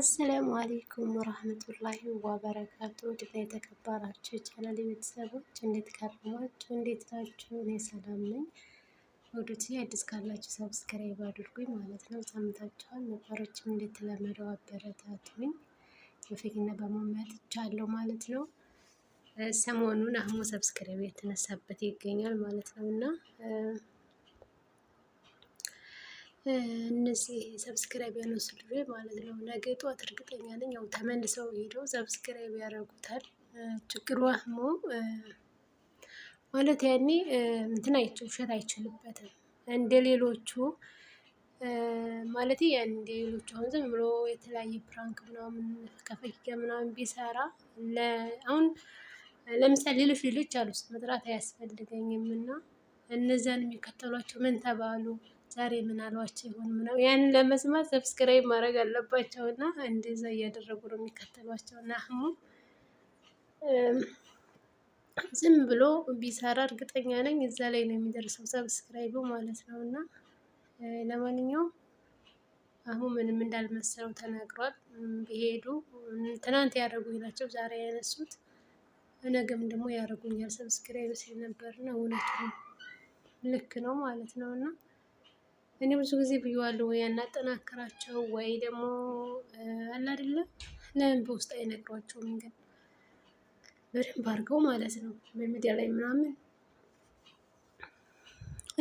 አሰላሙ አሌይኩም ወራህመቱላሂ ወበረካቱ። ድና የተከበራችሁ የቻናል ቤተሰቦች እንዴት ከረማችሁ? እንዴት ናችሁ? እኔ ሰላም ነኝ። ወዶች አዲስ ካላችሁ ሰብስክራይብ አድርጉኝ ማለት ነው። ሰምታችኋል። ነባሮችም እንደተለመደው አበረታቱኝ። በፊትና በመመት ቻለው ማለት ነው። ሰሞኑን አህሙ ሰብስክራይብ የተነሳበት ይገኛል ማለት ነው እና እነዚህ ሰብስክራይብ ያልወሰዱ ማለት ነው። ነገ ጠዋት እርግጠኛ ነኝ ያው ተመልሰው ሄደው ሰብስክራይብ ያደርጉታል። ችግሩ አህሙ ማለት ያኔ እንትን አይች ውሸት አይችልበትም እንደ ሌሎቹ ማለት ያን እንደ ሌሎቹ አሁን ዝም ብሎ የተለያየ ፕራንክ ምናምን ከፈኪጋ ምናምን ቢሰራ አሁን ለምሳሌ ሌሎች ሌሎች አሉ መጥራት አያስፈልገኝም እና እነዚያን የሚከተሏቸው ምን ተባሉ? ዛሬ ምን አሏቸው ይሆን ምነው ያንን ለመስማት ሰብስክራይብ ማድረግ አለባቸው እና እንደዛ እያደረጉ ነው የሚከተሏቸው እና አህሙ ዝም ብሎ ቢሰራ እርግጠኛ ነኝ እዛ ላይ ነው የሚደርሰው ሰብስክራይቡ ማለት ነው እና ለማንኛውም አህሙ ምንም እንዳልመሰለው ተናግሯል። ቢሄዱ ትናንት ያደረጉኝ ናቸው ዛሬ ያነሱት ነገም ደግሞ ያደረጉኛል ሰብስክራይብ ሲል ነበር እና እውነቱ ልክ ነው ማለት ነው እና እኔ ብዙ ጊዜ ብየዋለሁ፣ ወይ ያናጠናክራቸው ወይ ደግሞ አለ አይደለም ለምን በውስጥ አይነግሯቸውም? ግን በደንብ አድርገው ማለት ነው በሚዲያ ላይ ምናምን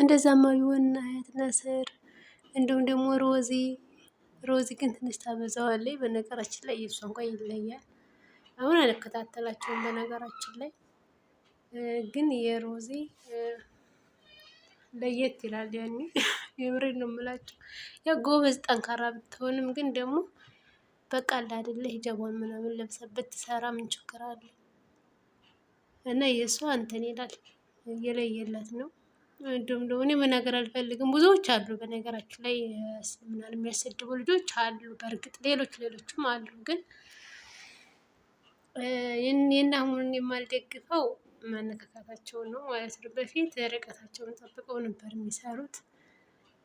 እንደዛማ ቢሆን አያት ነስር እንዲሁም ደግሞ ሮዚ ሮዚ ግን ትንሽ ታበዛዋለች። በነገራችን ላይ የእሷ እንኳ ይለያል። አሁን አልከታተላቸውም። በነገራችን ላይ ግን የሮዚ ለየት ይላል ያኔ የምሬ ነው የምላቸው ያ ጎበዝ ጠንካራ ብትሆንም ግን ደግሞ በቃል አይደለ ሂጃቧን ምናምን ለብሳ ብትሰራ ምን ችግር አለ? እና የእሱ አንተን ይላል የለየላት ነው። እንዲሁም ደግሞ እኔ መናገር አልፈልግም። ብዙዎች አሉ በነገራችን ላይ ምናምን የሚያሰድቡ ልጆች አሉ። በእርግጥ ሌሎች ሌሎችም አሉ ግን ይህን የማልደግፈው ማነካካታቸውን ነው ማለት ነው። በፊት ርቀታቸውን ጠብቀው ነበር የሚሰሩት።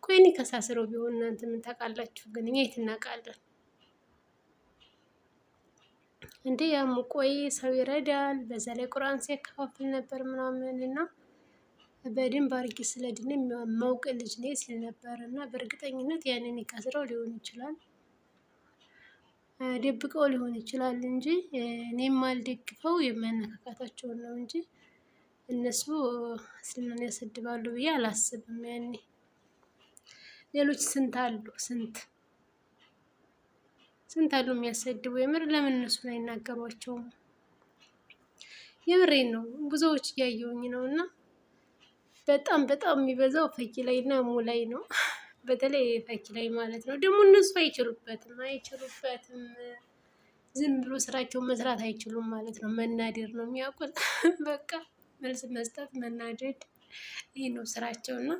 እኮ እኔ ከሳስረው ቢሆን እናንተ ምን ታውቃላችሁ? ግን እኛ የት እናውቃለን እንዴ? ያም ቆይ ሰው ይረዳል። በዛ ላይ ቁርአን ሲያከፋፍል ነበር ምናምን እና በደንብ አድርጌ ስለ ድን የማውቅ ልጅ ነ ሲል ነበር እና በእርግጠኝነት ያንን ይከስረው ሊሆን ይችላል ደብቀው ሊሆን ይችላል እንጂ እኔ የማልደግፈው የማያነካካታቸውን ነው እንጂ እነሱ እስልምና ያሰድባሉ ብዬ አላስብም ያኔ ሌሎች ስንት አሉ፣ ስንት ስንት አሉ የሚያሰድቡ። የምር ለምን እነሱን አይናገሯቸውም? የምሬን ነው። ብዙዎች እያየውኝ ነው እና በጣም በጣም የሚበዛው ፈኪ ላይ እና ሙ ላይ ነው። በተለይ ፈኪ ላይ ማለት ነው። ደግሞ እነሱ አይችሉበትም አይችሉበትም። ዝም ብሎ ስራቸውን መስራት አይችሉም ማለት ነው። መናደር ነው የሚያውቁት። በቃ መልስ መስጠት፣ መናደድ ይህ ነው ስራቸው እና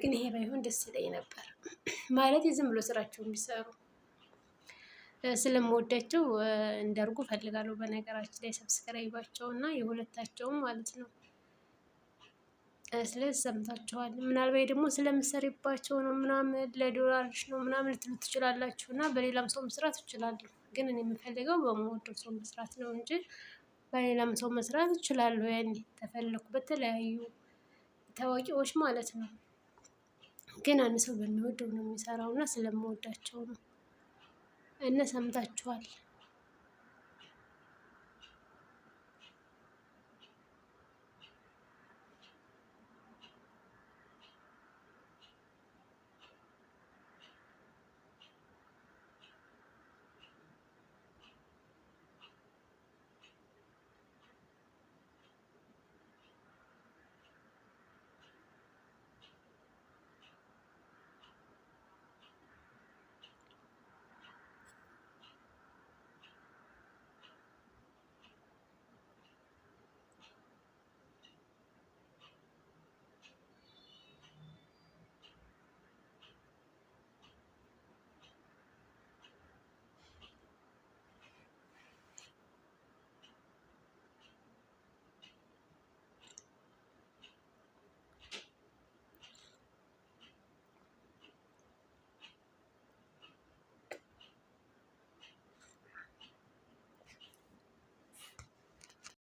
ግን ይሄ ባይሆን ደስ ይለኝ ነበር ማለት የዝም ብሎ ስራቸው የሚሰሩ ስለምወዳቸው እንደርጉ ፈልጋለሁ። በነገራችን ላይ ሰብስክራይባቸው እና የሁለታቸውም ማለት ነው። ስለዚህ ሰምታችኋል። ምናልባት ደግሞ ስለምሰሪባቸው ነው ምናምን ለዶላርሽ ነው ምናምን ልትሉ ትችላላችሁ እና በሌላም ሰው መስራት እችላለሁ። ግን እኔ የምፈልገው በመወደው ሰው መስራት ነው እንጂ በሌላም ሰው መስራት እችላለሁ። ያኔ ተፈለኩ በተለያዩ ታዋቂዎች ማለት ነው። ግን አንድ ሰው በሚወደው ነው የሚሰራው እና ስለምወዳቸው ነው። እነ ሰምታችኋል።